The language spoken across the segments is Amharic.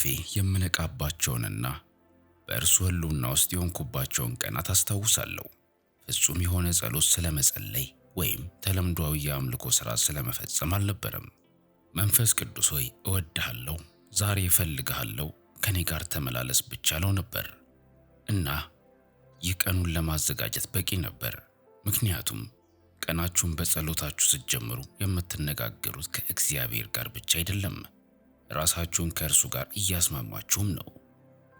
ከእንቅልፌ የምነቃባቸውንና በእርሱ ህልውና ውስጥ የሆንኩባቸውን ቀናት አስታውሳለሁ። ፍጹም የሆነ ጸሎት ስለመጸለይ ወይም ተለምዷዊ የአምልኮ ሥራ ስለመፈጸም አልነበረም። መንፈስ ቅዱስ ሆይ እወድሃለሁ፣ ዛሬ እፈልግሃለሁ፣ ከኔ ጋር ተመላለስ ብቻለው ነበር እና ይህ ቀኑን ለማዘጋጀት በቂ ነበር። ምክንያቱም ቀናችሁን በጸሎታችሁ ስትጀምሩ የምትነጋገሩት ከእግዚአብሔር ጋር ብቻ አይደለም ራሳችሁን ከእርሱ ጋር እያስማማችሁም ነው።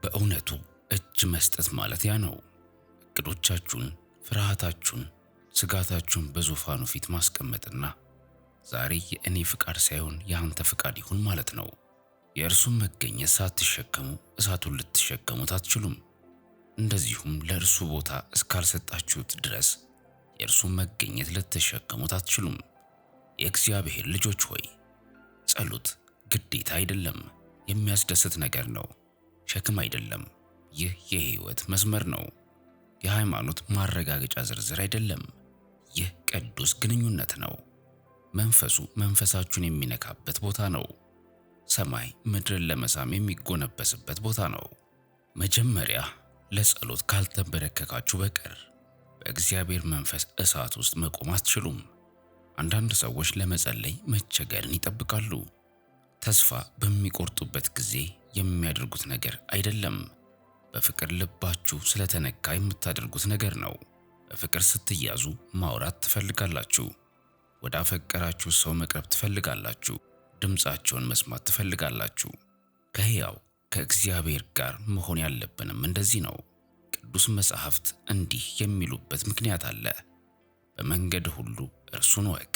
በእውነቱ እጅ መስጠት ማለት ያ ነው። እቅዶቻችሁን፣ ፍርሃታችሁን፣ ስጋታችሁን በዙፋኑ ፊት ማስቀመጥና ዛሬ የእኔ ፍቃድ ሳይሆን የአንተ ፍቃድ ይሁን ማለት ነው። የእርሱን መገኘት ሳትሸከሙ እሳቱን ልትሸከሙት አትችሉም። እንደዚሁም ለእርሱ ቦታ እስካልሰጣችሁት ድረስ የእርሱን መገኘት ልትሸከሙት አትችሉም። የእግዚአብሔር ልጆች ሆይ ጸሎት ግዴታ አይደለም፣ የሚያስደስት ነገር ነው። ሸክም አይደለም። ይህ የህይወት መስመር ነው። የሃይማኖት ማረጋገጫ ዝርዝር አይደለም። ይህ ቅዱስ ግንኙነት ነው። መንፈሱ መንፈሳችሁን የሚነካበት ቦታ ነው። ሰማይ ምድርን ለመሳም የሚጎነበስበት ቦታ ነው። መጀመሪያ ለጸሎት ካልተንበረከካችሁ በቀር በእግዚአብሔር መንፈስ እሳት ውስጥ መቆም አትችሉም። አንዳንድ ሰዎች ለመጸለይ መቸገርን ይጠብቃሉ። ተስፋ በሚቆርጡበት ጊዜ የሚያደርጉት ነገር አይደለም። በፍቅር ልባችሁ ስለተነካ የምታደርጉት ነገር ነው። በፍቅር ስትያዙ ማውራት ትፈልጋላችሁ። ወደ አፈቀራችሁ ሰው መቅረብ ትፈልጋላችሁ። ድምፃቸውን መስማት ትፈልጋላችሁ። ከሕያው ከእግዚአብሔር ጋር መሆን ያለብንም እንደዚህ ነው። ቅዱስ መጻሕፍት እንዲህ የሚሉበት ምክንያት አለ። በመንገድ ሁሉ እርሱን ወቅ፣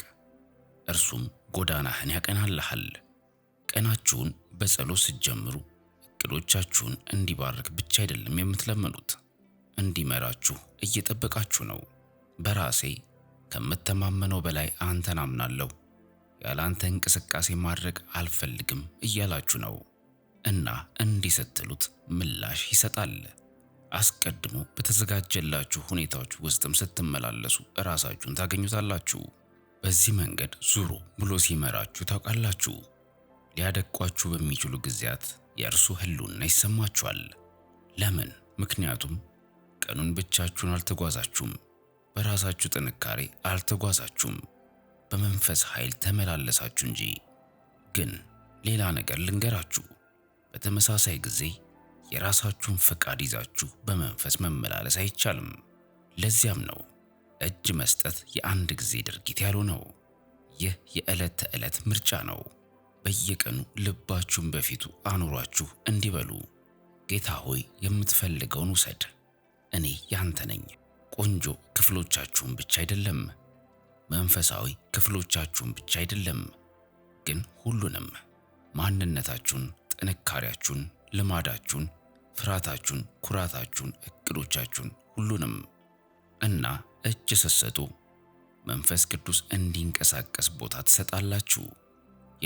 እርሱም ጎዳናህን ያቀናልሃል። ቀናችሁን በጸሎት ስትጀምሩ እቅዶቻችሁን እንዲባርክ ብቻ አይደለም የምትለምኑት፣ እንዲመራችሁ እየጠበቃችሁ ነው። በራሴ ከምተማመነው በላይ አንተን አምናለሁ፣ ያለ አንተ እንቅስቃሴ ማድረግ አልፈልግም እያላችሁ ነው እና እንዲህ ስትሉት ምላሽ ይሰጣል። አስቀድሞ በተዘጋጀላችሁ ሁኔታዎች ውስጥም ስትመላለሱ እራሳችሁን ታገኙታላችሁ። በዚህ መንገድ ዙሮ ብሎ ሲመራችሁ ታውቃላችሁ። ሊያደቋችሁ በሚችሉ ጊዜያት የእርሱ ህልውና ይሰማችኋል። ለምን? ምክንያቱም ቀኑን ብቻችሁን አልተጓዛችሁም። በራሳችሁ ጥንካሬ አልተጓዛችሁም። በመንፈስ ኃይል ተመላለሳችሁ እንጂ። ግን ሌላ ነገር ልንገራችሁ። በተመሳሳይ ጊዜ የራሳችሁን ፈቃድ ይዛችሁ በመንፈስ መመላለስ አይቻልም። ለዚያም ነው እጅ መስጠት የአንድ ጊዜ ድርጊት ያሉ ነው። ይህ የዕለት ተዕለት ምርጫ ነው። በየቀኑ ልባችሁን በፊቱ አኑሯችሁ እንዲህ በሉ፣ ጌታ ሆይ የምትፈልገውን ውሰድ፣ እኔ ያንተ ነኝ። ቆንጆ ክፍሎቻችሁን ብቻ አይደለም፣ መንፈሳዊ ክፍሎቻችሁን ብቻ አይደለም፣ ግን ሁሉንም ማንነታችሁን፣ ጥንካሬያችሁን፣ ልማዳችሁን፣ ፍርሃታችሁን፣ ኩራታችሁን፣ እቅዶቻችሁን ሁሉንም እና እጅ ስትሰጡ መንፈስ ቅዱስ እንዲንቀሳቀስ ቦታ ትሰጣላችሁ።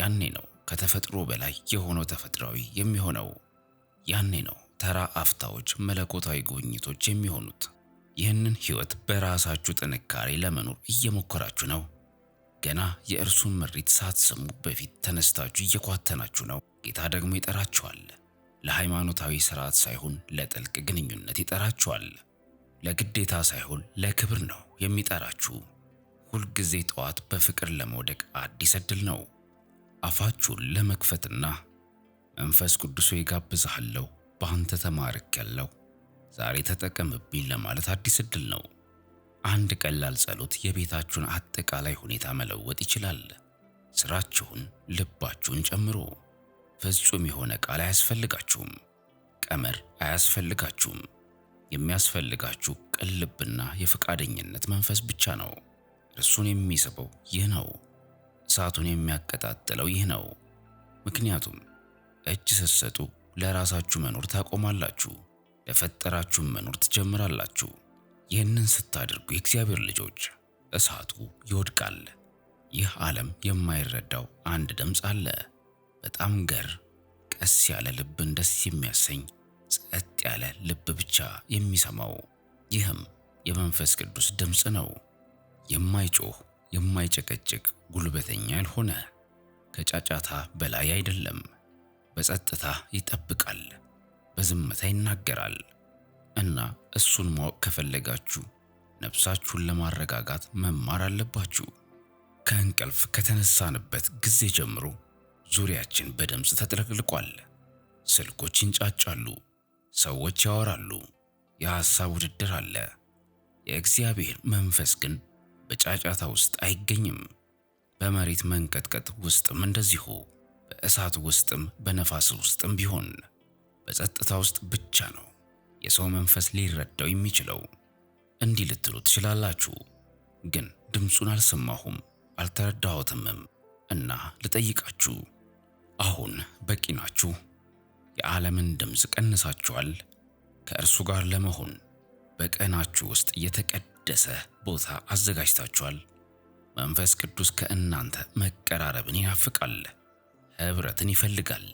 ያኔ ነው ከተፈጥሮ በላይ የሆነው ተፈጥሯዊ የሚሆነው። ያኔ ነው ተራ አፍታዎች መለኮታዊ ጉብኝቶች የሚሆኑት። ይህንን ሕይወት በራሳችሁ ጥንካሬ ለመኖር እየሞከራችሁ ነው። ገና የእርሱን ምሪት ሳትሰሙ በፊት ተነስታችሁ እየኳተናችሁ ነው። ጌታ ደግሞ ይጠራችኋል። ለሃይማኖታዊ ስርዓት ሳይሆን ለጥልቅ ግንኙነት ይጠራችኋል። ለግዴታ ሳይሆን ለክብር ነው የሚጠራችሁ። ሁልጊዜ ጠዋት በፍቅር ለመውደቅ አዲስ ዕድል ነው። አፋችሁን ለመክፈትና መንፈስ ቅዱስ ይጋብዝሃለሁ፣ በአንተ ያለው ዛሬ ተጠቀምብኝ ለማለት አዲስ እድል ነው። አንድ ቀላል ጸሎት የቤታችሁን አጠቃላይ ሁኔታ መለወጥ ይችላል። ስራችሁን፣ ልባችሁን ጨምሮ ፍጹም የሆነ ቃል አያስፈልጋችሁም። ቀመር አያስፈልጋችሁም። የሚያስፈልጋችሁ ቅልብና የፈቃደኝነት መንፈስ ብቻ ነው። እርሱን የሚስበው ይህ ነው። እሳቱን የሚያቀጣጥለው ይህ ነው። ምክንያቱም እጅ ስትሰጡ ለራሳችሁ መኖር ታቆማላችሁ፣ ለፈጠራችሁ መኖር ትጀምራላችሁ። ይህንን ስታደርጉ የእግዚአብሔር ልጆች እሳቱ ይወድቃል። ይህ ዓለም የማይረዳው አንድ ድምፅ አለ። በጣም ገር ቀስ ያለ ልብን ደስ የሚያሰኝ ጸጥ ያለ ልብ ብቻ የሚሰማው ይህም የመንፈስ ቅዱስ ድምፅ ነው። የማይጮህ የማይጨቀጭቅ ጉልበተኛ ያልሆነ ከጫጫታ በላይ አይደለም። በጸጥታ ይጠብቃል፣ በዝምታ ይናገራል። እና እሱን ማወቅ ከፈለጋችሁ ነፍሳችሁን ለማረጋጋት መማር አለባችሁ። ከእንቅልፍ ከተነሳንበት ጊዜ ጀምሮ ዙሪያችን በድምፅ ተጥለቅልቋል። ስልኮች ይንጫጫሉ፣ ሰዎች ያወራሉ፣ የሐሳብ ውድድር አለ። የእግዚአብሔር መንፈስ ግን በጫጫታ ውስጥ አይገኝም። በመሬት መንቀጥቀጥ ውስጥም እንደዚሁ፣ በእሳት ውስጥም በነፋስ ውስጥም ቢሆን በጸጥታ ውስጥ ብቻ ነው የሰው መንፈስ ሊረዳው የሚችለው። እንዲህ ልትሉ ትችላላችሁ፣ ግን ድምፁን አልሰማሁም አልተረዳሁትምም እና ልጠይቃችሁ፣ አሁን በቂ ናችሁ? የዓለምን ድምፅ ቀንሳችኋል? ከእርሱ ጋር ለመሆን በቀናችሁ ውስጥ እየተቀደ የተቀደሰ ቦታ አዘጋጅታችኋል። መንፈስ ቅዱስ ከእናንተ መቀራረብን ይናፍቃል፣ ኅብረትን ይፈልጋል።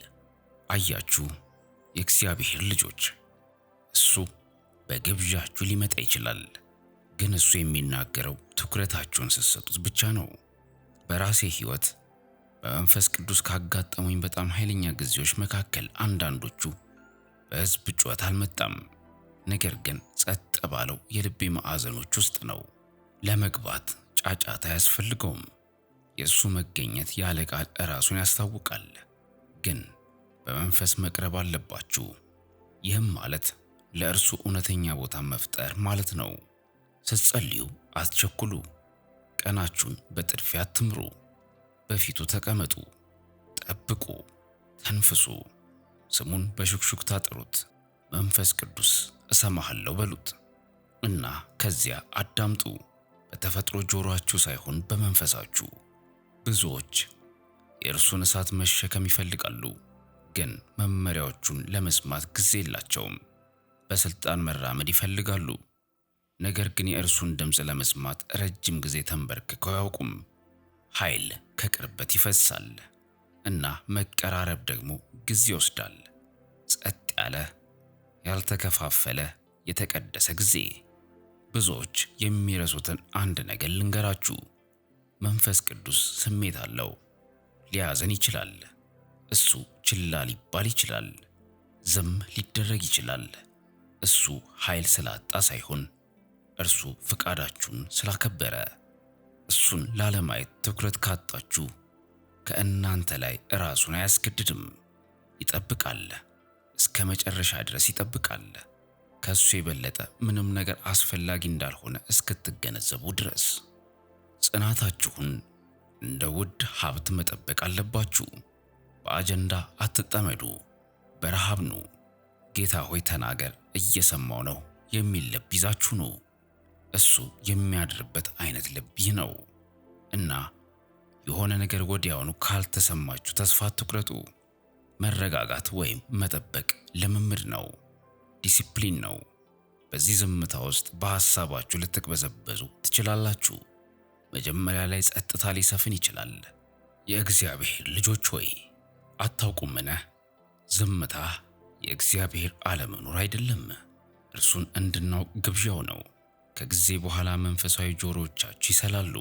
አያችሁ የእግዚአብሔር ልጆች፣ እሱ በግብዣችሁ ሊመጣ ይችላል። ግን እሱ የሚናገረው ትኩረታችሁን ስትሰጡት ብቻ ነው። በራሴ ሕይወት በመንፈስ ቅዱስ ካጋጠሙኝ በጣም ኃይለኛ ጊዜዎች መካከል አንዳንዶቹ በሕዝብ ጩኸት አልመጣም፣ ነገር ግን ጸጥ ባለው የልቤ ማዕዘኖች ውስጥ ነው። ለመግባት ጫጫታ አያስፈልገውም። የእሱ መገኘት ያለ ቃል ራሱን ያስታውቃል። ግን በመንፈስ መቅረብ አለባችሁ። ይህም ማለት ለእርሱ እውነተኛ ቦታ መፍጠር ማለት ነው። ስትጸልዩ አትቸኩሉ። ቀናችሁን በጥድፊያ አትምሩ። በፊቱ ተቀመጡ፣ ጠብቁ፣ ተንፍሱ። ስሙን በሹክሹክታ ጥሩት። መንፈስ ቅዱስ እሰማሃለሁ በሉት እና ከዚያ አዳምጡ። በተፈጥሮ ጆሮአችሁ ሳይሆን በመንፈሳችሁ። ብዙዎች የእርሱን እሳት መሸከም ይፈልጋሉ፣ ግን መመሪያዎቹን ለመስማት ጊዜ የላቸውም። በስልጣን መራመድ ይፈልጋሉ፣ ነገር ግን የእርሱን ድምፅ ለመስማት ረጅም ጊዜ ተንበርክከው አያውቁም። ኃይል ከቅርበት ይፈሳል እና መቀራረብ ደግሞ ጊዜ ይወስዳል። ጸጥ ያለ ያልተከፋፈለ የተቀደሰ ጊዜ። ብዙዎች የሚረሱትን አንድ ነገር ልንገራችሁ። መንፈስ ቅዱስ ስሜት አለው። ሊያዘን ይችላል። እሱ ችላ ሊባል ይችላል። ዝም ሊደረግ ይችላል። እሱ ኃይል ስላጣ ሳይሆን እርሱ ፍቃዳችሁን ስላከበረ። እሱን ላለማየት ትኩረት ካጣችሁ ከእናንተ ላይ ራሱን አያስገድድም፣ ይጠብቃል። እስከ መጨረሻ ድረስ ይጠብቃል። ከሱ የበለጠ ምንም ነገር አስፈላጊ እንዳልሆነ እስክትገነዘቡ ድረስ ጽናታችሁን እንደ ውድ ሀብት መጠበቅ አለባችሁ። በአጀንዳ አትጠመዱ፣ በረሃብ ኑ። ጌታ ሆይ ተናገር፣ እየሰማው ነው የሚል ልብ ይዛችሁ ኑ። እሱ የሚያድርበት አይነት ልብ ይህ ነው እና የሆነ ነገር ወዲያውኑ ካልተሰማችሁ ተስፋ አትቁረጡ። መረጋጋት ወይም መጠበቅ ልምምድ ነው፣ ዲሲፕሊን ነው። በዚህ ዝምታ ውስጥ በሐሳባችሁ ልትቅበዘበዙ ትችላላችሁ። መጀመሪያ ላይ ጸጥታ ሊሰፍን ይችላል። የእግዚአብሔር ልጆች ሆይ አታውቁምን? ዝምታ የእግዚአብሔር አለመኖር አይደለም፣ እርሱን እንድናውቅ ግብዣው ነው። ከጊዜ በኋላ መንፈሳዊ ጆሮዎቻችሁ ይሰላሉ።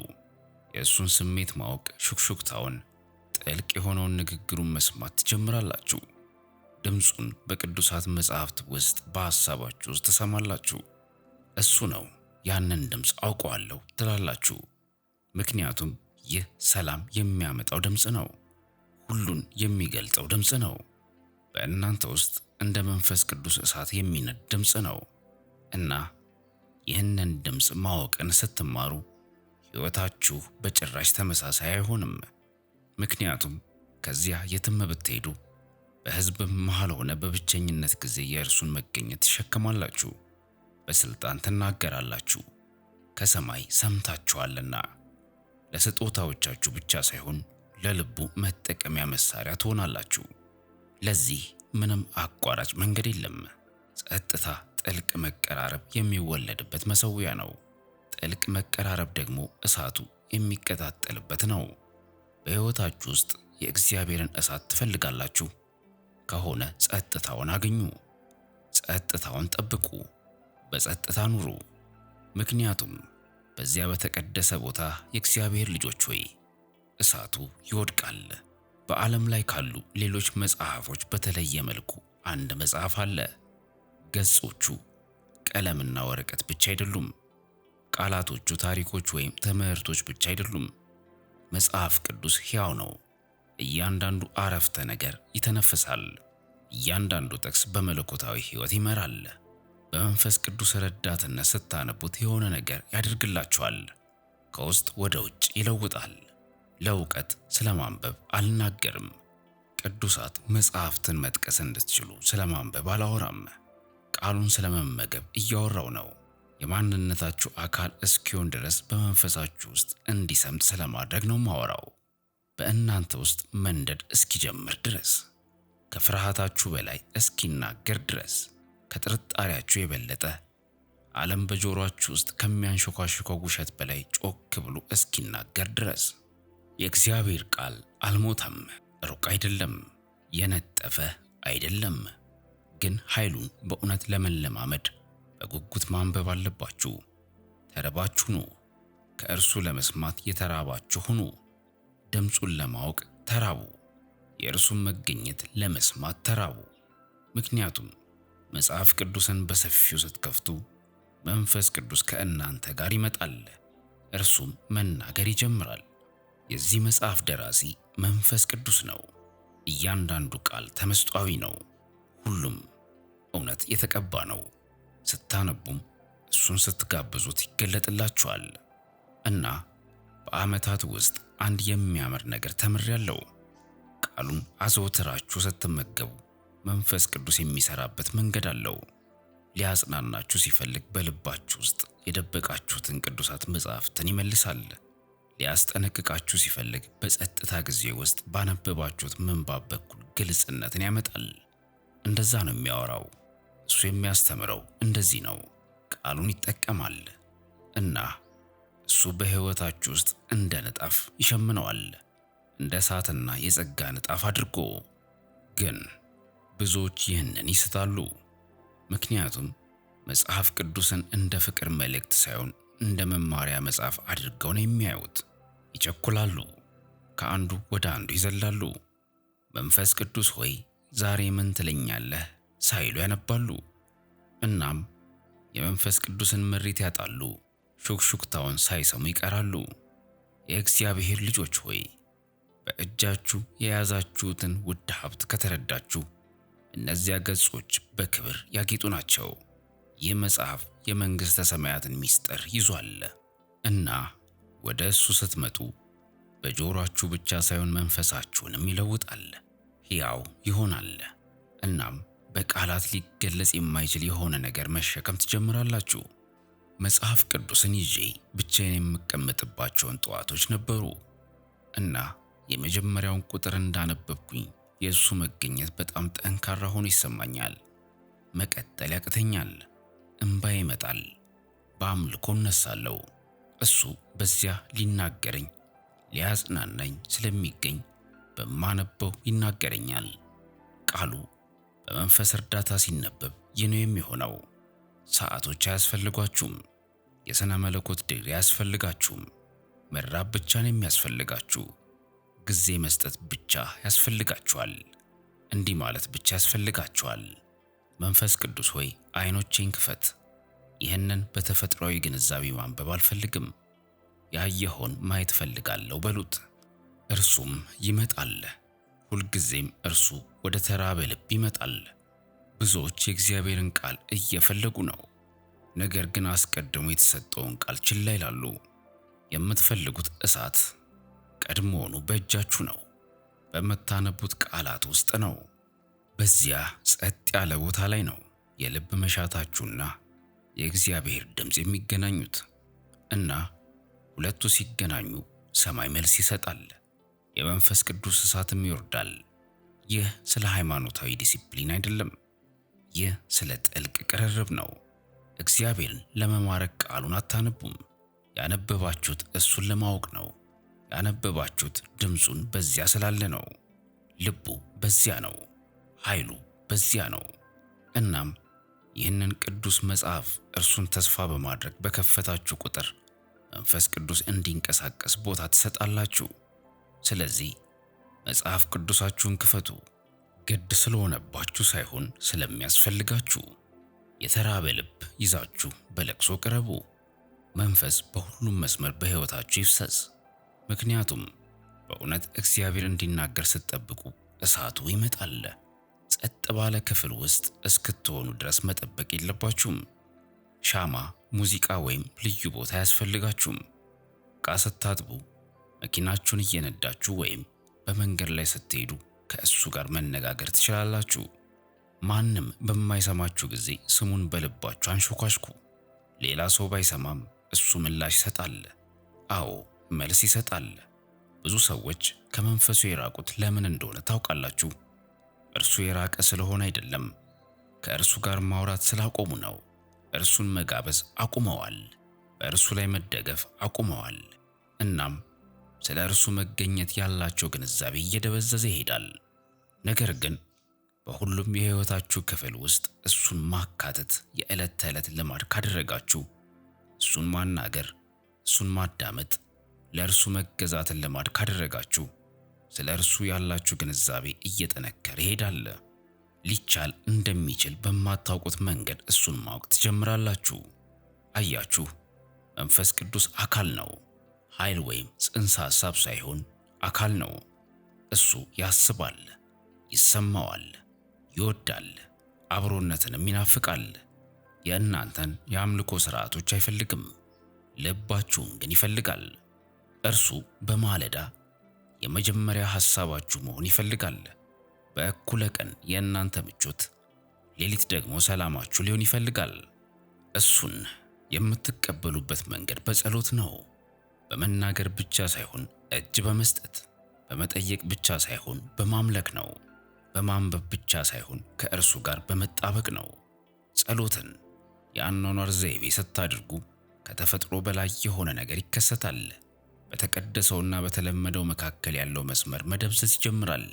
የእሱን ስሜት ማወቅ ሹክሹክታውን ጥልቅ የሆነውን ንግግሩን መስማት ትጀምራላችሁ። ድምፁን በቅዱሳት መጻሕፍት ውስጥ በሐሳባችሁ ውስጥ ትሰማላችሁ። እሱ ነው፣ ያንን ድምፅ አውቀዋለሁ ትላላችሁ። ምክንያቱም ይህ ሰላም የሚያመጣው ድምፅ ነው። ሁሉን የሚገልጠው ድምፅ ነው። በእናንተ ውስጥ እንደ መንፈስ ቅዱስ እሳት የሚነድ ድምፅ ነው እና ይህንን ድምፅ ማወቅን ስትማሩ ሕይወታችሁ በጭራሽ ተመሳሳይ አይሆንም። ምክንያቱም ከዚያ የትም ብትሄዱ በህዝብ መሃል ሆነ በብቸኝነት ጊዜ የእርሱን መገኘት ትሸከማላችሁ፣ በስልጣን ትናገራላችሁ፣ ከሰማይ ሰምታችኋልና። ለስጦታዎቻችሁ ብቻ ሳይሆን ለልቡ መጠቀሚያ መሳሪያ ትሆናላችሁ። ለዚህ ምንም አቋራጭ መንገድ የለም። ጸጥታ ጥልቅ መቀራረብ የሚወለድበት መሰዊያ ነው። ጥልቅ መቀራረብ ደግሞ እሳቱ የሚቀጣጠልበት ነው። በሕይወታችሁ ውስጥ የእግዚአብሔርን እሳት ትፈልጋላችሁ ከሆነ ጸጥታውን አግኙ። ጸጥታውን ጠብቁ። በጸጥታ ኑሩ። ምክንያቱም በዚያ በተቀደሰ ቦታ የእግዚአብሔር ልጆች ሆይ እሳቱ ይወድቃል። በዓለም ላይ ካሉ ሌሎች መጽሐፎች በተለየ መልኩ አንድ መጽሐፍ አለ። ገጾቹ ቀለምና ወረቀት ብቻ አይደሉም። ቃላቶቹ ታሪኮች ወይም ትምህርቶች ብቻ አይደሉም። መጽሐፍ ቅዱስ ሕያው ነው። እያንዳንዱ አረፍተ ነገር ይተነፍሳል። እያንዳንዱ ጥቅስ በመለኮታዊ ሕይወት ይመራል። በመንፈስ ቅዱስ ረዳትነት ስታነቡት የሆነ ነገር ያደርግላችኋል። ከውስጥ ወደ ውጭ ይለውጣል። ለእውቀት ስለ ማንበብ አልናገርም። ቅዱሳት መጽሐፍትን መጥቀስ እንድትችሉ ስለ ማንበብ አላወራም። ቃሉን ስለ መመገብ እያወራው ነው። የማንነታችሁ አካል እስኪሆን ድረስ በመንፈሳችሁ ውስጥ እንዲሰምጥ ስለማድረግ ነው ማወራው። በእናንተ ውስጥ መንደድ እስኪጀምር ድረስ፣ ከፍርሃታችሁ በላይ እስኪናገር ድረስ፣ ከጥርጣሬያችሁ የበለጠ ዓለም በጆሮአችሁ ውስጥ ከሚያንሸኳሽከው ውሸት በላይ ጮክ ብሎ እስኪናገር ድረስ የእግዚአብሔር ቃል አልሞተም፣ ሩቅ አይደለም፣ የነጠፈ አይደለም። ግን ኃይሉን በእውነት ለመለማመድ በጉጉት ማንበብ አለባችሁ። ተርባችሁ ኑ፣ ከእርሱ ለመስማት የተራባችሁ ሁኑ ድምፁን ለማወቅ ተራቡ፣ የእርሱን መገኘት ለመስማት ተራቡ። ምክንያቱም መጽሐፍ ቅዱስን በሰፊው ስትከፍቱ መንፈስ ቅዱስ ከእናንተ ጋር ይመጣል፣ እርሱም መናገር ይጀምራል። የዚህ መጽሐፍ ደራሲ መንፈስ ቅዱስ ነው። እያንዳንዱ ቃል ተመስጧዊ ነው። ሁሉም እውነት የተቀባ ነው። ስታነቡም እሱን ስትጋብዙት ይገለጥላችኋል። እና በዓመታት ውስጥ አንድ የሚያምር ነገር ተምሬያለሁ። ቃሉን አዘውትራችሁ ስትመገቡ መንፈስ ቅዱስ የሚሰራበት መንገድ አለው። ሊያጽናናችሁ ሲፈልግ በልባችሁ ውስጥ የደበቃችሁትን ቅዱሳት መጻሕፍትን ይመልሳል። ሊያስጠነቅቃችሁ ሲፈልግ በጸጥታ ጊዜ ውስጥ ባነበባችሁት ምንባብ በኩል ግልጽነትን ያመጣል። እንደዛ ነው የሚያወራው። እሱ የሚያስተምረው እንደዚህ ነው። ቃሉን ይጠቀማል እና እሱ በሕይወታችሁ ውስጥ እንደ ንጣፍ ይሸምነዋል፣ እንደ እሳትና የጸጋ ንጣፍ አድርጎ። ግን ብዙዎች ይህንን ይስታሉ፣ ምክንያቱም መጽሐፍ ቅዱስን እንደ ፍቅር መልእክት ሳይሆን እንደ መማሪያ መጽሐፍ አድርገው ነው የሚያዩት። ይቸኩላሉ፣ ከአንዱ ወደ አንዱ ይዘላሉ። መንፈስ ቅዱስ ሆይ ዛሬ ምን ትለኛለህ ሳይሉ ያነባሉ። እናም የመንፈስ ቅዱስን ምሪት ያጣሉ፣ ሹክሹክታውን ሳይሰሙ ይቀራሉ። የእግዚአብሔር ልጆች ሆይ በእጃችሁ የያዛችሁትን ውድ ሀብት ከተረዳችሁ እነዚያ ገጾች በክብር ያጌጡ ናቸው። ይህ መጽሐፍ የመንግሥተ ሰማያትን ምስጢር ይዟል እና ወደ እሱ ስትመጡ በጆሮአችሁ ብቻ ሳይሆን መንፈሳችሁንም ይለውጣል፣ ሕያው ይሆናል። እናም በቃላት ሊገለጽ የማይችል የሆነ ነገር መሸከም ትጀምራላችሁ። መጽሐፍ ቅዱስን ይዤ ብቻዬን የምቀመጥባቸውን ጠዋቶች ነበሩ እና የመጀመሪያውን ቁጥር እንዳነበብኩኝ የእሱ መገኘት በጣም ጠንካራ ሆኖ ይሰማኛል። መቀጠል ያቅተኛል። እምባ ይመጣል። በአምልኮ እነሳለሁ። እሱ በዚያ ሊናገረኝ ሊያጽናናኝ ስለሚገኝ በማነበው ይናገረኛል። ቃሉ በመንፈስ እርዳታ ሲነበብ ይህ ነው የሚሆነው። ሰዓቶች አያስፈልጓችሁም። የሥነ መለኮት ድግሪ አያስፈልጋችሁም። መራብ ብቻ ነው የሚያስፈልጋችሁ። ጊዜ መስጠት ብቻ ያስፈልጋችኋል። እንዲህ ማለት ብቻ ያስፈልጋችኋል። መንፈስ ቅዱስ ሆይ አይኖቼን ክፈት። ይህንን በተፈጥሯዊ ግንዛቤ ማንበብ አልፈልግም፣ ያየኸውን ማየት እፈልጋለሁ በሉት። እርሱም ይመጣል። ሁልጊዜም እርሱ ወደ ተራበ ልብ ይመጣል። ብዙዎች የእግዚአብሔርን ቃል እየፈለጉ ነው፣ ነገር ግን አስቀድሞ የተሰጠውን ቃል ችላ ይላሉ። የምትፈልጉት እሳት ቀድሞውኑ በእጃችሁ ነው፣ በምታነቡት ቃላት ውስጥ ነው። በዚያ ጸጥ ያለ ቦታ ላይ ነው የልብ መሻታችሁና የእግዚአብሔር ድምፅ የሚገናኙት እና ሁለቱ ሲገናኙ ሰማይ መልስ ይሰጣል። የመንፈስ ቅዱስ እሳትም ይወርዳል። ይህ ስለ ሃይማኖታዊ ዲሲፕሊን አይደለም። ይህ ስለ ጥልቅ ቅርርብ ነው። እግዚአብሔርን ለመማረክ ቃሉን አታነቡም። ያነበባችሁት እሱን ለማወቅ ነው። ያነበባችሁት ድምፁን በዚያ ስላለ ነው። ልቡ በዚያ ነው። ኃይሉ በዚያ ነው። እናም ይህንን ቅዱስ መጽሐፍ እርሱን ተስፋ በማድረግ በከፈታችሁ ቁጥር መንፈስ ቅዱስ እንዲንቀሳቀስ ቦታ ትሰጣላችሁ። ስለዚህ መጽሐፍ ቅዱሳችሁን ክፈቱ። ግድ ስለሆነባችሁ ሳይሆን ስለሚያስፈልጋችሁ የተራበ ልብ ይዛችሁ በለቅሶ ቅረቡ። መንፈስ በሁሉም መስመር በሕይወታችሁ ይፍሰስ። ምክንያቱም በእውነት እግዚአብሔር እንዲናገር ስትጠብቁ እሳቱ ይመጣል። ጸጥ ባለ ክፍል ውስጥ እስክትሆኑ ድረስ መጠበቅ የለባችሁም። ሻማ፣ ሙዚቃ ወይም ልዩ ቦታ አያስፈልጋችሁም። ዕቃ ስታጥቡ መኪናችሁን እየነዳችሁ ወይም በመንገድ ላይ ስትሄዱ ከእሱ ጋር መነጋገር ትችላላችሁ። ማንም በማይሰማችሁ ጊዜ ስሙን በልባችሁ አንሾኳሽኩ። ሌላ ሰው ባይሰማም እሱ ምላሽ ይሰጣል። አዎ መልስ ይሰጣል። ብዙ ሰዎች ከመንፈሱ የራቁት ለምን እንደሆነ ታውቃላችሁ? እርሱ የራቀ ስለሆነ አይደለም፣ ከእርሱ ጋር ማውራት ስላቆሙ ነው። እርሱን መጋበዝ አቁመዋል። በእርሱ ላይ መደገፍ አቁመዋል። እናም ስለ እርሱ መገኘት ያላቸው ግንዛቤ እየደበዘዘ ይሄዳል። ነገር ግን በሁሉም የሕይወታችሁ ክፍል ውስጥ እሱን ማካተት የዕለት ተዕለት ልማድ ካደረጋችሁ፣ እሱን ማናገር፣ እሱን ማዳመጥ፣ ለእርሱ መገዛትን ልማድ ካደረጋችሁ፣ ስለ እርሱ ያላችሁ ግንዛቤ እየጠነከረ ይሄዳል። ሊቻል እንደሚችል በማታውቁት መንገድ እሱን ማወቅ ትጀምራላችሁ። አያችሁ፣ መንፈስ ቅዱስ አካል ነው። ኃይል ወይም ጽንሰ ሐሳብ ሳይሆን አካል ነው። እሱ ያስባል፣ ይሰማዋል፣ ይወዳል፣ አብሮነትንም ይናፍቃል። የእናንተን የአምልኮ ሥርዓቶች አይፈልግም፣ ልባችሁን ግን ይፈልጋል። እርሱ በማለዳ የመጀመሪያ ሐሳባችሁ መሆን ይፈልጋል። በእኩለ ቀን የእናንተ ምቾት፣ ሌሊት ደግሞ ሰላማችሁ ሊሆን ይፈልጋል። እሱን የምትቀበሉበት መንገድ በጸሎት ነው። በመናገር ብቻ ሳይሆን እጅ በመስጠት በመጠየቅ ብቻ ሳይሆን በማምለክ ነው። በማንበብ ብቻ ሳይሆን ከእርሱ ጋር በመጣበቅ ነው። ጸሎትን የአኗኗር ዘይቤ ስታድርጉ ከተፈጥሮ በላይ የሆነ ነገር ይከሰታል። በተቀደሰውና በተለመደው መካከል ያለው መስመር መደብዘዝ ይጀምራል።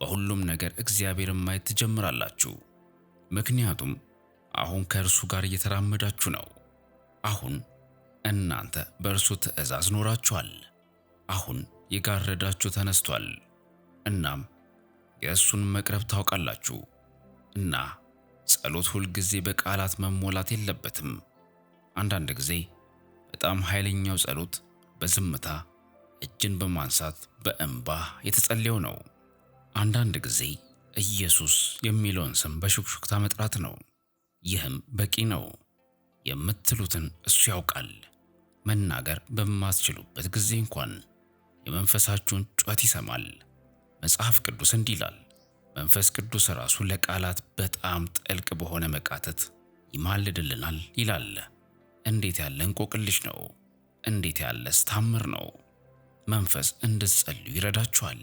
በሁሉም ነገር እግዚአብሔርን ማየት ትጀምራላችሁ። ምክንያቱም አሁን ከእርሱ ጋር እየተራመዳችሁ ነው። አሁን እናንተ በእርሱ ትእዛዝ ኖራችኋል። አሁን የጋረዳችሁ ተነስቷል። እናም የእሱን መቅረብ ታውቃላችሁ። እና ጸሎት ሁልጊዜ በቃላት መሞላት የለበትም። አንዳንድ ጊዜ በጣም ኃይለኛው ጸሎት በዝምታ እጅን በማንሳት በእንባ የተጸለየው ነው። አንዳንድ ጊዜ ኢየሱስ የሚለውን ስም በሹክሹክታ መጥራት ነው። ይህም በቂ ነው። የምትሉትን እሱ ያውቃል። መናገር በማስችሉበት ጊዜ እንኳን የመንፈሳችሁን ጩኸት ይሰማል። መጽሐፍ ቅዱስ እንዲህ ይላል፣ መንፈስ ቅዱስ ራሱ ለቃላት በጣም ጥልቅ በሆነ መቃተት ይማልድልናል ይላል። እንዴት ያለ እንቆቅልሽ ነው! እንዴት ያለ ስታምር ነው! መንፈስ እንድትጸልዩ ይረዳችኋል።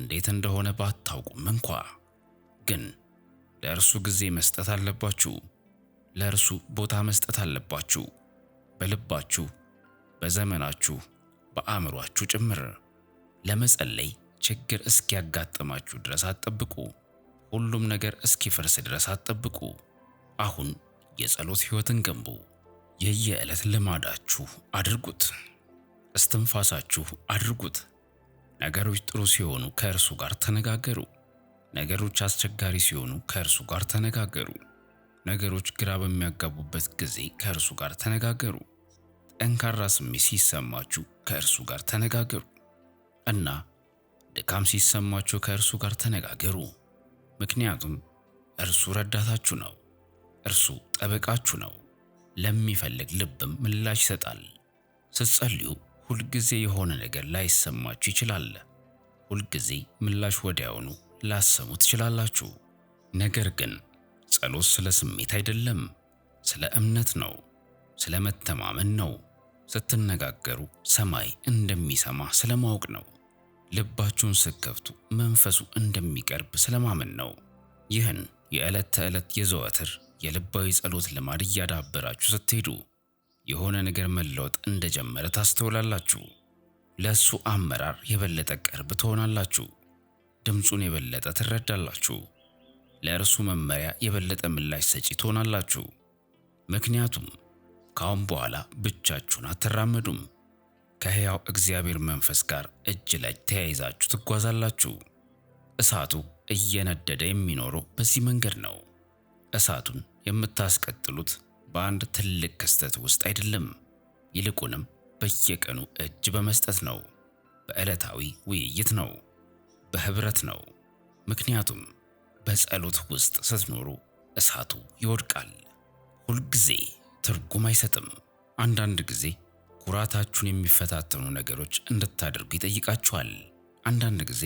እንዴት እንደሆነ ባታውቁም እንኳ ግን ለእርሱ ጊዜ መስጠት አለባችሁ። ለእርሱ ቦታ መስጠት አለባችሁ። በልባችሁ በዘመናችሁ በአእምሯችሁ ጭምር ለመጸለይ ችግር እስኪያጋጥማችሁ ድረስ አትጠብቁ። ሁሉም ነገር እስኪፈርስ ድረስ አትጠብቁ። አሁን የጸሎት ሕይወትን ገንቡ። የየዕለት ልማዳችሁ አድርጉት። እስትንፋሳችሁ አድርጉት። ነገሮች ጥሩ ሲሆኑ ከእርሱ ጋር ተነጋገሩ። ነገሮች አስቸጋሪ ሲሆኑ ከእርሱ ጋር ተነጋገሩ። ነገሮች ግራ በሚያጋቡበት ጊዜ ከእርሱ ጋር ተነጋገሩ። ጠንካራ ስሜት ሲሰማችሁ ከእርሱ ጋር ተነጋገሩ እና ድካም ሲሰማችሁ ከእርሱ ጋር ተነጋገሩ። ምክንያቱም እርሱ ረዳታችሁ ነው፣ እርሱ ጠበቃችሁ ነው። ለሚፈልግ ልብም ምላሽ ይሰጣል። ስትጸልዩ ሁልጊዜ የሆነ ነገር ላይሰማችሁ ይችላል። ሁልጊዜ ምላሽ ወዲያውኑ ላሰሙ ትችላላችሁ። ነገር ግን ጸሎት ስለ ስሜት አይደለም፣ ስለ እምነት ነው። ስለ መተማመን ነው። ስትነጋገሩ ሰማይ እንደሚሰማ ስለማወቅ ነው። ልባችሁን ስከፍቱ መንፈሱ እንደሚቀርብ ስለማመን ነው። ይህን የዕለት ተዕለት የዘወትር የልባዊ ጸሎት ልማድ እያዳበራችሁ ስትሄዱ የሆነ ነገር መለወጥ እንደጀመረ ታስተውላላችሁ። ለእሱ አመራር የበለጠ ቅርብ ትሆናላችሁ። ድምፁን የበለጠ ትረዳላችሁ። ለእርሱ መመሪያ የበለጠ ምላሽ ሰጪ ትሆናላችሁ። ምክንያቱም ከአሁን በኋላ ብቻችሁን አትራመዱም። ከሕያው እግዚአብሔር መንፈስ ጋር እጅ ለእጅ ተያይዛችሁ ትጓዛላችሁ። እሳቱ እየነደደ የሚኖረው በዚህ መንገድ ነው። እሳቱን የምታስቀጥሉት በአንድ ትልቅ ክስተት ውስጥ አይደለም፣ ይልቁንም በየቀኑ እጅ በመስጠት ነው። በዕለታዊ ውይይት ነው፣ በህብረት ነው። ምክንያቱም በጸሎት ውስጥ ስትኖሩ እሳቱ ይወድቃል ሁልጊዜ ትርጉም አይሰጥም። አንዳንድ ጊዜ ኩራታችሁን የሚፈታተኑ ነገሮች እንድታደርጉ ይጠይቃችኋል። አንዳንድ ጊዜ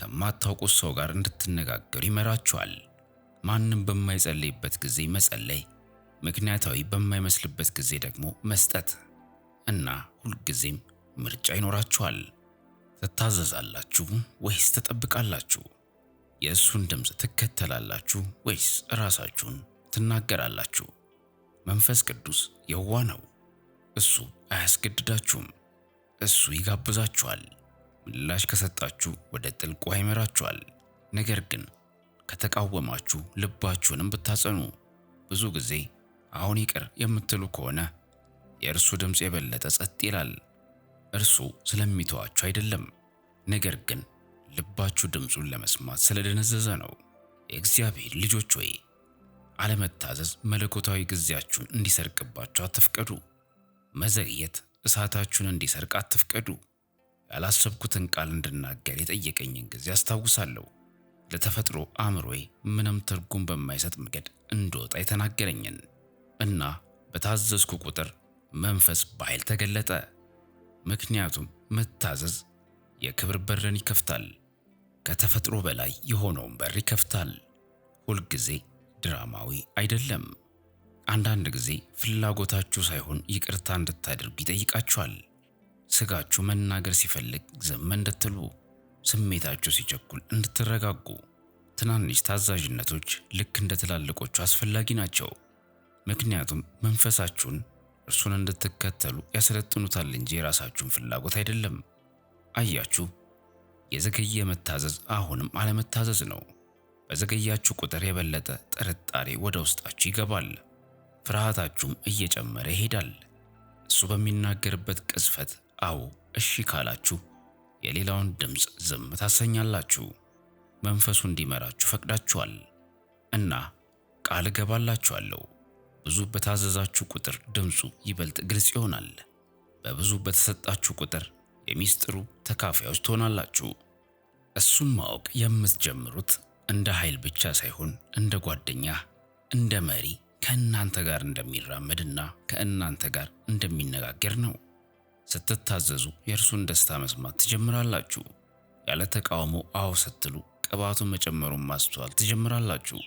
ከማታውቁት ሰው ጋር እንድትነጋገሩ ይመራችኋል። ማንም በማይጸለይበት ጊዜ መጸለይ፣ ምክንያታዊ በማይመስልበት ጊዜ ደግሞ መስጠት እና ሁልጊዜም ምርጫ ይኖራችኋል። ትታዘዛላችሁ ወይስ ትጠብቃላችሁ? የእሱን ድምፅ ትከተላላችሁ ወይስ ራሳችሁን ትናገራላችሁ? መንፈስ ቅዱስ የዋ ነው። እሱ አያስገድዳችሁም፣ እሱ ይጋብዛችኋል። ምላሽ ከሰጣችሁ ወደ ጥልቁ ይመራችኋል። ነገር ግን ከተቃወማችሁ ልባችሁንም ብታጸኑ፣ ብዙ ጊዜ አሁን ይቅር የምትሉ ከሆነ የእርሱ ድምፅ የበለጠ ጸጥ ይላል። እርሱ ስለሚተዋችሁ አይደለም፣ ነገር ግን ልባችሁ ድምፁን ለመስማት ስለደነዘዘ ነው። የእግዚአብሔር ልጆች ሆይ አለመታዘዝ መለኮታዊ ጊዜያችሁን እንዲሰርቅባችሁ አትፍቀዱ። መዘግየት እሳታችሁን እንዲሰርቅ አትፍቀዱ። ያላሰብኩትን ቃል እንድናገር የጠየቀኝን ጊዜ አስታውሳለሁ። ለተፈጥሮ አእምሮዬ ምንም ትርጉም በማይሰጥ መንገድ እንደወጣ የተናገረኝን እና በታዘዝኩ ቁጥር መንፈስ በኃይል ተገለጠ። ምክንያቱም መታዘዝ የክብር በርን ይከፍታል። ከተፈጥሮ በላይ የሆነውን በር ይከፍታል። ሁልጊዜ ድራማዊ አይደለም። አንዳንድ ጊዜ ፍላጎታችሁ ሳይሆን ይቅርታ እንድታደርጉ ይጠይቃችኋል። ስጋችሁ መናገር ሲፈልግ ዝም እንድትሉ፣ ስሜታችሁ ሲቸኩል እንድትረጋጉ። ትናንሽ ታዛዥነቶች ልክ እንደ ትላልቆቹ አስፈላጊ ናቸው። ምክንያቱም መንፈሳችሁን እርሱን እንድትከተሉ ያሰለጥኑታል እንጂ የራሳችሁን ፍላጎት አይደለም። አያችሁ፣ የዘገየ መታዘዝ አሁንም አለመታዘዝ ነው። በዘገያችሁ ቁጥር የበለጠ ጥርጣሬ ወደ ውስጣችሁ ይገባል፣ ፍርሃታችሁም እየጨመረ ይሄዳል። እሱ በሚናገርበት ቅጽበት አዎ እሺ ካላችሁ የሌላውን ድምፅ ዝም ታሰኛላችሁ። መንፈሱ እንዲመራችሁ ፈቅዳችኋል እና ቃል እገባላችኋለሁ ብዙ በታዘዛችሁ ቁጥር ድምፁ ይበልጥ ግልጽ ይሆናል። በብዙ በተሰጣችሁ ቁጥር የሚስጥሩ ተካፋዮች ትሆናላችሁ። እሱን ማወቅ የምትጀምሩት እንደ ኃይል ብቻ ሳይሆን እንደ ጓደኛ፣ እንደ መሪ ከእናንተ ጋር እንደሚራመድና ከእናንተ ጋር እንደሚነጋገር ነው። ስትታዘዙ የእርሱን ደስታ መስማት ትጀምራላችሁ። ያለ ተቃውሞ አዎ ስትሉ ቅባቱ መጨመሩን ማስተዋል ትጀምራላችሁ።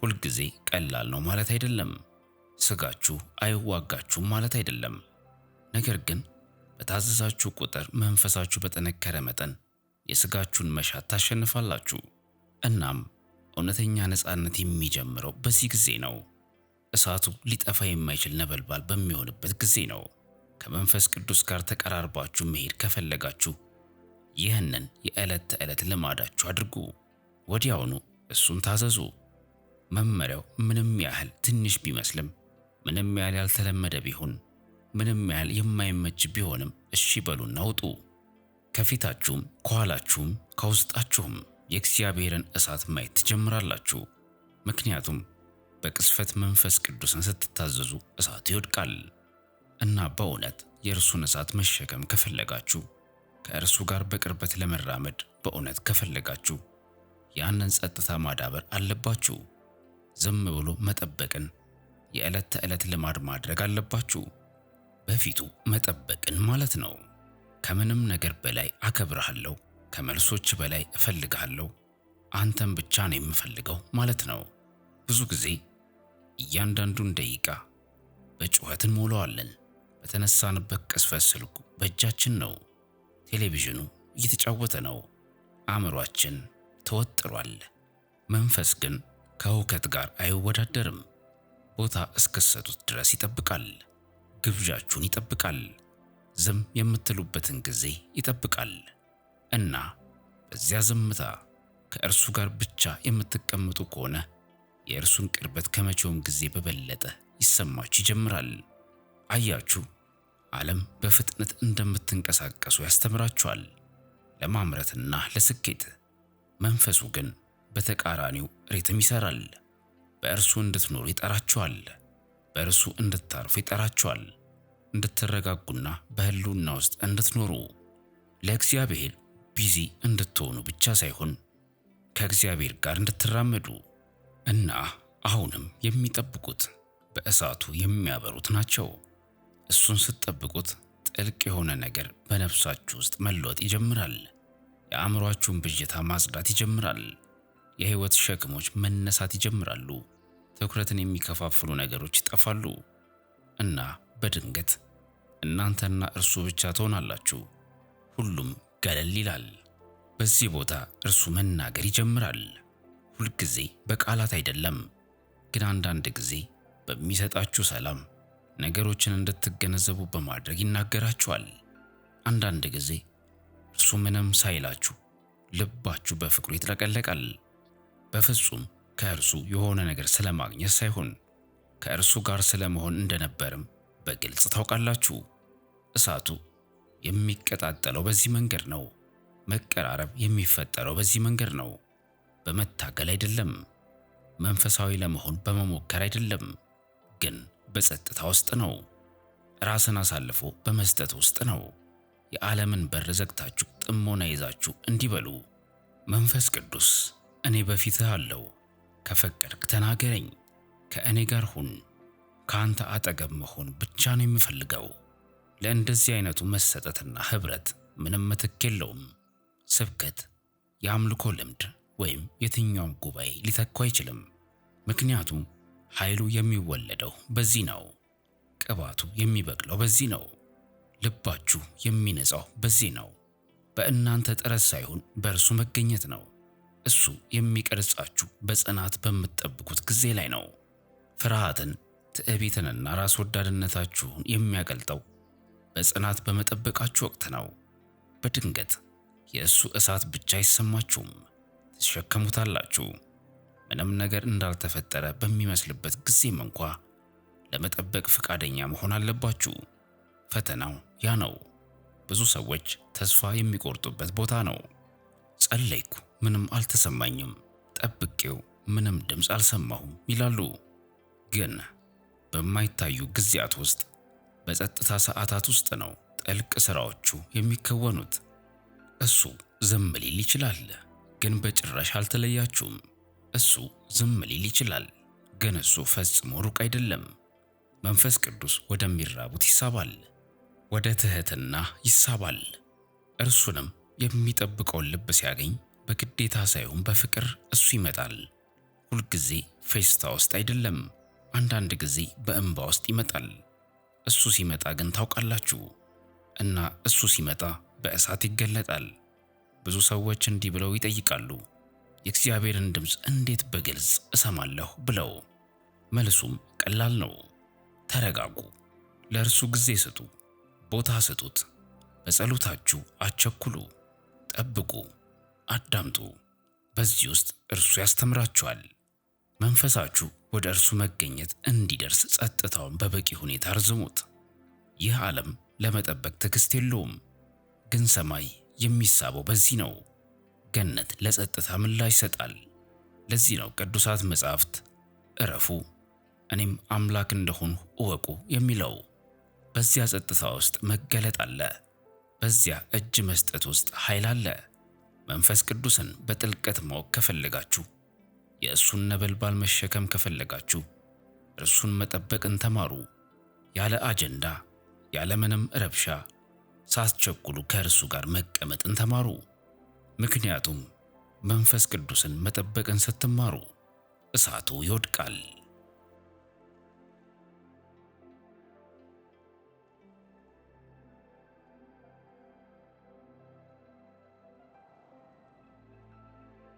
ሁልጊዜ ቀላል ነው ማለት አይደለም። ስጋችሁ አይዋጋችሁም ማለት አይደለም። ነገር ግን በታዘዛችሁ ቁጥር መንፈሳችሁ በጠነከረ መጠን የስጋችሁን መሻት ታሸንፋላችሁ። እናም እውነተኛ ነፃነት የሚጀምረው በዚህ ጊዜ ነው። እሳቱ ሊጠፋ የማይችል ነበልባል በሚሆንበት ጊዜ ነው። ከመንፈስ ቅዱስ ጋር ተቀራርባችሁ መሄድ ከፈለጋችሁ ይህንን የዕለት ተዕለት ልማዳችሁ አድርጉ። ወዲያውኑ እሱን ታዘዙ። መመሪያው ምንም ያህል ትንሽ ቢመስልም፣ ምንም ያህል ያልተለመደ ቢሆን፣ ምንም ያህል የማይመች ቢሆንም እሺ በሉና ውጡ። ከፊታችሁም ከኋላችሁም ከውስጣችሁም የእግዚአብሔርን እሳት ማየት ትጀምራላችሁ። ምክንያቱም በቅስፈት መንፈስ ቅዱስን ስትታዘዙ እሳቱ ይወድቃል እና በእውነት የእርሱን እሳት መሸከም ከፈለጋችሁ፣ ከእርሱ ጋር በቅርበት ለመራመድ በእውነት ከፈለጋችሁ ያንን ጸጥታ ማዳበር አለባችሁ። ዝም ብሎ መጠበቅን የዕለት ተዕለት ልማድ ማድረግ አለባችሁ። በፊቱ መጠበቅን ማለት ነው። ከምንም ነገር በላይ አከብርሃለሁ ከመልሶች በላይ እፈልግሃለሁ፣ አንተን ብቻ ነው የምፈልገው ማለት ነው። ብዙ ጊዜ እያንዳንዱን ደቂቃ በጩኸት እንሞላዋለን። በተነሳንበት ቅስፈት ስልኩ በእጃችን ነው። ቴሌቪዥኑ እየተጫወተ ነው። አእምሯችን ተወጥሯል። መንፈስ ግን ከእውከት ጋር አይወዳደርም። ቦታ እስከሰጡት ድረስ ይጠብቃል። ግብዣችሁን ይጠብቃል። ዝም የምትሉበትን ጊዜ ይጠብቃል። እና በዚያ ዝምታ ከእርሱ ጋር ብቻ የምትቀመጡ ከሆነ የእርሱን ቅርበት ከመቼውም ጊዜ በበለጠ ይሰማችሁ ይጀምራል። አያችሁ፣ ዓለም በፍጥነት እንደምትንቀሳቀሱ ያስተምራችኋል ለማምረትና ለስኬት። መንፈሱ ግን በተቃራኒው ሬትም ይሰራል። በእርሱ እንድትኖሩ ይጠራችኋል። በእርሱ እንድታርፉ ይጠራችኋል። እንድትረጋጉና በህልውና ውስጥ እንድትኖሩ ለእግዚአብሔር ቢዚ እንድትሆኑ ብቻ ሳይሆን ከእግዚአብሔር ጋር እንድትራመዱ እና አሁንም የሚጠብቁት በእሳቱ የሚያበሩት ናቸው። እሱን ስትጠብቁት ጥልቅ የሆነ ነገር በነፍሳችሁ ውስጥ መለወጥ ይጀምራል። የአእምሯችሁን ብዥታ ማጽዳት ይጀምራል። የህይወት ሸክሞች መነሳት ይጀምራሉ። ትኩረትን የሚከፋፍሉ ነገሮች ይጠፋሉ እና በድንገት እናንተና እርሱ ብቻ ትሆናላችሁ። ሁሉም ገለል ይላል። በዚህ ቦታ እርሱ መናገር ይጀምራል። ሁልጊዜ በቃላት አይደለም፣ ግን አንዳንድ ጊዜ በሚሰጣችሁ ሰላም ነገሮችን እንድትገነዘቡ በማድረግ ይናገራችኋል። አንዳንድ ጊዜ እርሱ ምንም ሳይላችሁ ልባችሁ በፍቅሩ ይጥለቀለቃል። በፍጹም ከእርሱ የሆነ ነገር ስለማግኘት ሳይሆን ከእርሱ ጋር ስለመሆን እንደነበርም በግልጽ ታውቃላችሁ። እሳቱ የሚቀጣጠለው በዚህ መንገድ ነው። መቀራረብ የሚፈጠረው በዚህ መንገድ ነው። በመታገል አይደለም። መንፈሳዊ ለመሆን በመሞከር አይደለም፣ ግን በጸጥታ ውስጥ ነው። ራስን አሳልፎ በመስጠት ውስጥ ነው። የዓለምን በር ዘግታችሁ ጥሞና ይዛችሁ እንዲበሉ መንፈስ ቅዱስ እኔ በፊትህ አለው፣ ከፈቀድክ ተናገረኝ፣ ከእኔ ጋር ሁን፣ ከአንተ አጠገብ መሆን ብቻ ነው የምፈልገው። ለእንደዚህ አይነቱ መሰጠትና ህብረት ምንም ምትክ የለውም። ስብከት የአምልኮ ልምድ ወይም የትኛውም ጉባኤ ሊተኩ አይችልም። ምክንያቱም ኃይሉ የሚወለደው በዚህ ነው። ቅባቱ የሚበቅለው በዚህ ነው። ልባችሁ የሚነጻው በዚህ ነው። በእናንተ ጥረት ሳይሆን በእርሱ መገኘት ነው። እሱ የሚቀርጻችሁ በጽናት በምትጠብቁት ጊዜ ላይ ነው። ፍርሃትን፣ ትዕቢትንና ራስ ወዳድነታችሁን የሚያቀልጠው በጽናት በመጠበቃችሁ ወቅት ነው። በድንገት የእሱ እሳት ብቻ አይሰማችሁም፣ ትሸከሙታላችሁ። ምንም ነገር እንዳልተፈጠረ በሚመስልበት ጊዜም እንኳ ለመጠበቅ ፈቃደኛ መሆን አለባችሁ። ፈተናው ያ ነው። ብዙ ሰዎች ተስፋ የሚቆርጡበት ቦታ ነው። ጸለይኩ፣ ምንም አልተሰማኝም፣ ጠብቄው፣ ምንም ድምፅ አልሰማሁም ይላሉ። ግን በማይታዩ ጊዜያት ውስጥ በጸጥታ ሰዓታት ውስጥ ነው ጥልቅ ስራዎቹ የሚከወኑት። እሱ ዝም ሊል ይችላል፣ ግን በጭራሽ አልተለያችሁም። እሱ ዝም ሊል ይችላል፣ ግን እሱ ፈጽሞ ሩቅ አይደለም። መንፈስ ቅዱስ ወደሚራቡት ይሳባል፣ ወደ ትህትና ይሳባል። እርሱንም የሚጠብቀውን ልብ ሲያገኝ በግዴታ ሳይሆን በፍቅር እሱ ይመጣል። ሁልጊዜ ፌስታ ውስጥ አይደለም፣ አንዳንድ ጊዜ በእንባ ውስጥ ይመጣል። እሱ ሲመጣ ግን ታውቃላችሁ እና እሱ ሲመጣ በእሳት ይገለጣል። ብዙ ሰዎች እንዲህ ብለው ይጠይቃሉ፣ የእግዚአብሔርን ድምፅ እንዴት በግልጽ እሰማለሁ ብለው። መልሱም ቀላል ነው። ተረጋጉ፣ ለእርሱ ጊዜ ስጡ፣ ቦታ ስጡት፣ በጸሎታችሁ አቸኩሉ፣ ጠብቁ፣ አዳምጡ። በዚህ ውስጥ እርሱ ያስተምራችኋል። መንፈሳችሁ ወደ እርሱ መገኘት እንዲደርስ ጸጥታውን በበቂ ሁኔታ አርዝሙት። ይህ ዓለም ለመጠበቅ ትዕግስት የለውም፣ ግን ሰማይ የሚሳበው በዚህ ነው። ገነት ለጸጥታ ምላሽ ይሰጣል። ለዚህ ነው ቅዱሳት መጻሕፍት እረፉ እኔም አምላክ እንደሆንሁ እወቁ የሚለው። በዚያ ጸጥታ ውስጥ መገለጥ አለ። በዚያ እጅ መስጠት ውስጥ ኃይል አለ። መንፈስ ቅዱስን በጥልቀት ማወቅ ከፈለጋችሁ የእሱን ነበልባል መሸከም ከፈለጋችሁ እርሱን መጠበቅን ተማሩ። ያለ አጀንዳ፣ ምንም ረብሻ ሳትቸኩሉ ከእርሱ ጋር መቀመጥን ተማሩ። ምክንያቱም መንፈስ ቅዱስን መጠበቅን ስትማሩ እሳቱ ይወድቃል።